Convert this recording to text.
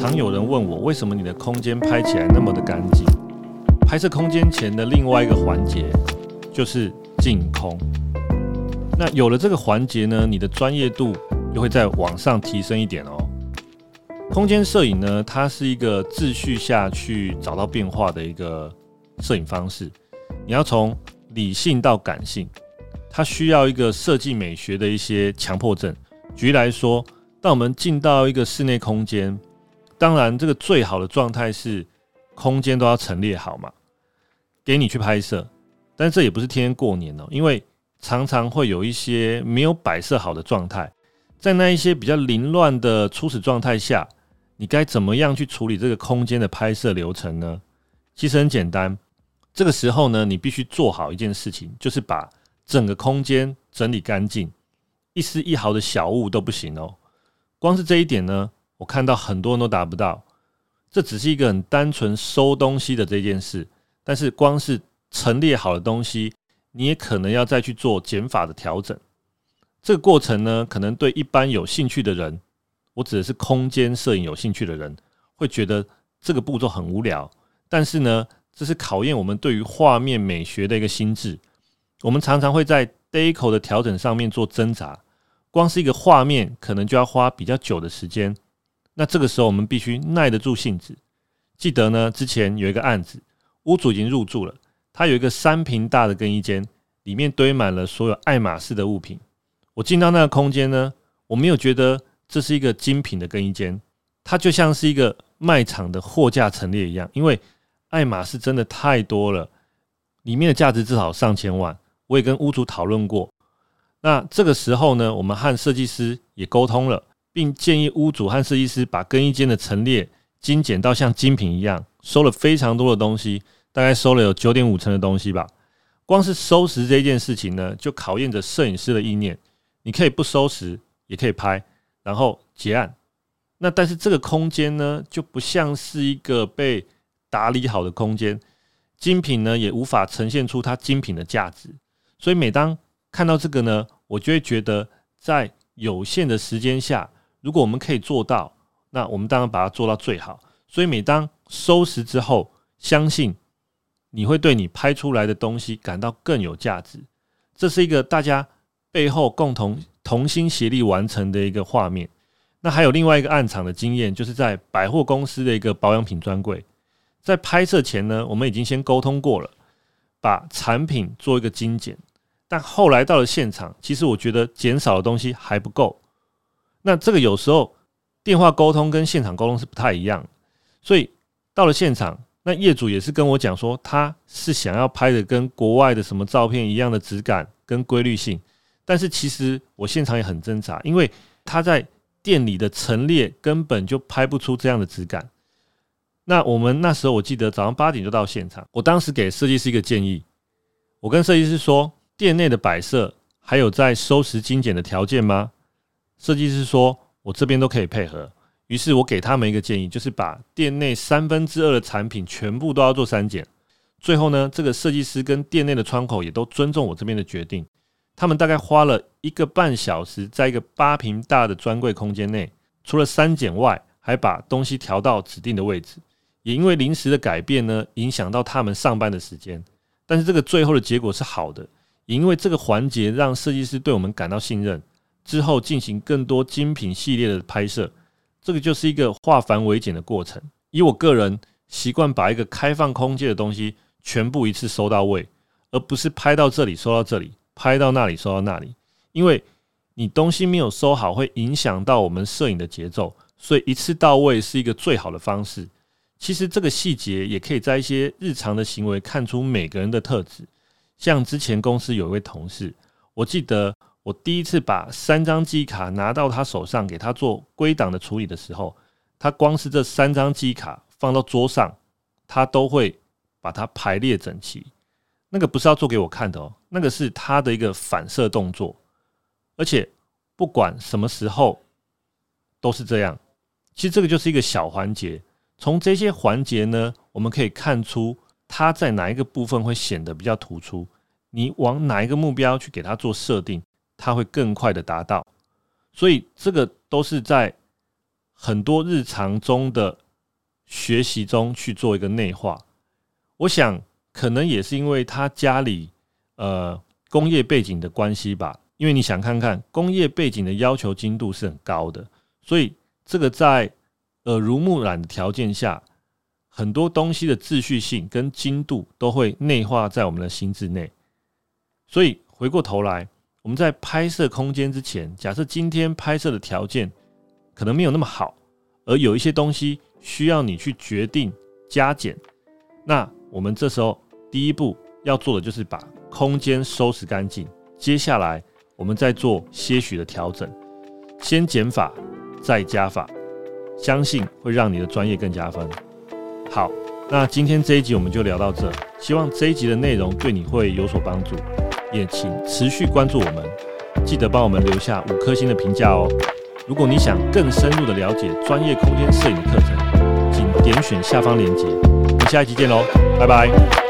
常有人問我，為什麼你的空間拍起來那麼的乾淨？拍攝空間前的另外一個環節就是淨空。那有了這個環節呢，你的專業度又會再往上提升一點哦。空間攝影呢，它是一個秩序下去找到變化的一個攝影方式。你要從理性到感性，它需要一個設計美學的一些強迫症。舉例來說，當我們進到一個室內空間，當然，這個最好的狀態是空間都要陳列好嘛，給你去拍攝。但是這也不是天天過年哦，因為常常會有一些沒有擺設好的狀態，在那一些比較凌亂的初始狀態下，你該怎麼樣去處理這個空間的拍攝流程呢？其實很簡單，這個時候呢，你必須做好一件事情，就是把整個空間整理乾淨，一絲一毫的小物都不行哦。光是這一點呢。我看到很多人都達不到，這只是一個很單純收東西的這件事，但是光是陳列好的東西，你也可能要再去做減法的調整。這個過程呢，可能對一般有興趣的人，我指的是空間攝影有興趣的人，會覺得這個步驟很無聊。但是呢，這是考驗我們對於畫面美學的一個心智。我們常常會在 deco 的調整上面做掙扎，光是一個畫面，可能就要花比較久的時間。那這個時候我們必須耐得住性子，記得呢，之前有一個案子，屋主已經入住了，他有一個三坪大的更衣間，裡面堆滿了所有愛馬仕的物品。我進到那個空間呢，我沒有覺得這是一個精品的更衣間，它就像是一個賣場的貨架陳列一樣，因為愛馬仕真的太多了，裡面的價值至少上千萬。我也跟屋主討論過，那這個時候呢，我們和設計師也溝通了。並建議屋主和設計師把更衣間的陳列精簡到像精品一樣，收了非常多的東西，大概收了有九點五成的東西吧。光是收拾這件事情呢，就考驗着攝影師的意念。你可以不收拾，也可以拍，然後結案。那但是這個空間呢，就不像是一個被打理好的空間，精品呢也無法呈現出它精品的價值。所以每當看到這個呢，我就會覺得在有限的時間下。如果我們可以做到，那我們當然把它做到最好。所以每當收拾之後，相信你會對你拍出來的東西感到更有價值。這是一個大家背後共同同心協力完成的一個畫面。那還有另外一個暗場的經驗，就是在百貨公司的一個保養品專櫃。在拍攝前呢，我們已經先溝通過了，把產品做一個精簡。但後來到了現場，其實我覺得減少的東西還不夠。那這個有時候電話溝通跟現場溝通是不太一樣，所以到了現場，那業主也是跟我講說，他是想要拍的跟國外的什麼照片一樣的質感跟規律性，但是其實我現場也很掙扎，因為他在店裡的陳列根本就拍不出這樣的質感。那我們那時候我記得早上八點就到現場，我當時給設計師一個建議，我跟設計師說，店內的擺設還有在收拾精簡的條件嗎？設計師說：“我這邊都可以配合。”於是，我給他們一個建議，就是把店內三分之二的產品全部都要做刪減。最後呢，這個設計師跟店內的窗口也都尊重我這邊的決定。他們大概花了一個半小時，在一個八平大的專櫃空間內，除了刪減外，還把東西調到指定的位置。也因為臨時的改變呢，影響到他們上班的時間。但是，這個最後的結果是好的，也因為這個環節讓設計師對我們感到信任。之後進行更多精品系列的拍攝，這個就是一個化繁為簡的過程。以我個人習慣，把一個開放空間的東西全部一次收到位，而不是拍到這裡收到這裡，拍到那裡收到那裡。因為你東西沒有收好，會影響到我們攝影的節奏，所以一次到位是一個最好的方式。其實這個細節也可以在一些日常的行為看出每個人的特質。像之前公司有一位同事，我記得。我第一次把三張記憶卡拿到他手上，給他做歸檔的處理的時候，他光是這三張記憶卡放到桌上，他都會把它排列整齊。那個不是要做給我看的哦，那個是他的一個反射動作。而且不管什麼時候都是這樣。其實這個就是一個小環節，從這些環節呢，我們可以看出他在哪一個部分會顯得比較突出。你往哪一個目標去給他做設定？他會更快的達到，所以這個都是在很多日常中的學習中去做一個內化。我想，可能也是因為他家裡呃工業背景的關係吧，因為你想看看工業背景的要求精度是很高的，所以這個在耳濡目染的條件下，很多東西的秩序性跟精度都會內化在我們的心智內。所以回過頭來。我們在拍攝空間之前，假設今天拍攝的條件可能沒有那麼好，而有一些東西需要你去決定加減。那我們這時候第一步要做的就是把空間收拾乾淨，接下來我們再做些許的調整，先減法再加法，相信會讓你的專業更加分。好，那今天這一集我們就聊到這，希望這一集的內容對你會有所幫助。也請持續關注我們，記得幫我們留下五顆星的評價哦。如果你想更深入地了解專業空間攝影的課程，請點選下方鏈接。我們下一集見嘍，拜拜。